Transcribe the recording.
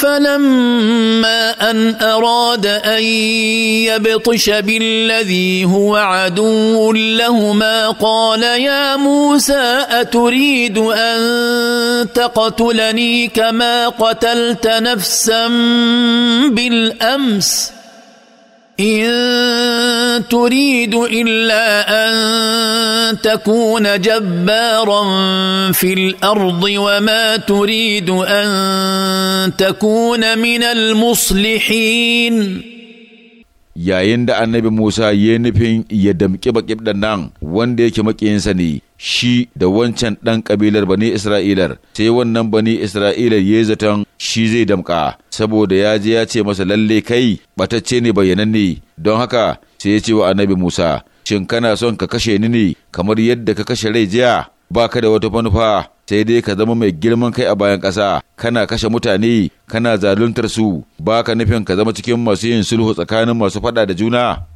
فلما ان اراد ان يبطش بالذي هو عدو لهما قال يا موسى اتريد ان تقتلني كما قتلت نفسا بالامس ان تريد الا ان أن تكون جبارا في الأرض وما تريد an تكون من المصلحين yayin da annabi Musa ya nufin ya damƙi baƙib da nan wanda yake maƙiyinsa ne shi da wancan ɗan ƙabilar bani Isra'ilar sai wannan bani Isra'ilar ya zaton shi zai damƙa saboda ya je ya ce masa lalle kai batacce ne bayyananne don haka sai ya ce wa annabi Musa shin kana son ka kashe ni ne kamar yadda ka kashe rai jiya ba ka da wata manufa sai dai ka zama mai girman kai a bayan ƙasa kana kashe mutane kana zaluntar su ba ka nufin ka zama cikin masu yin sulhu tsakanin masu faɗa da juna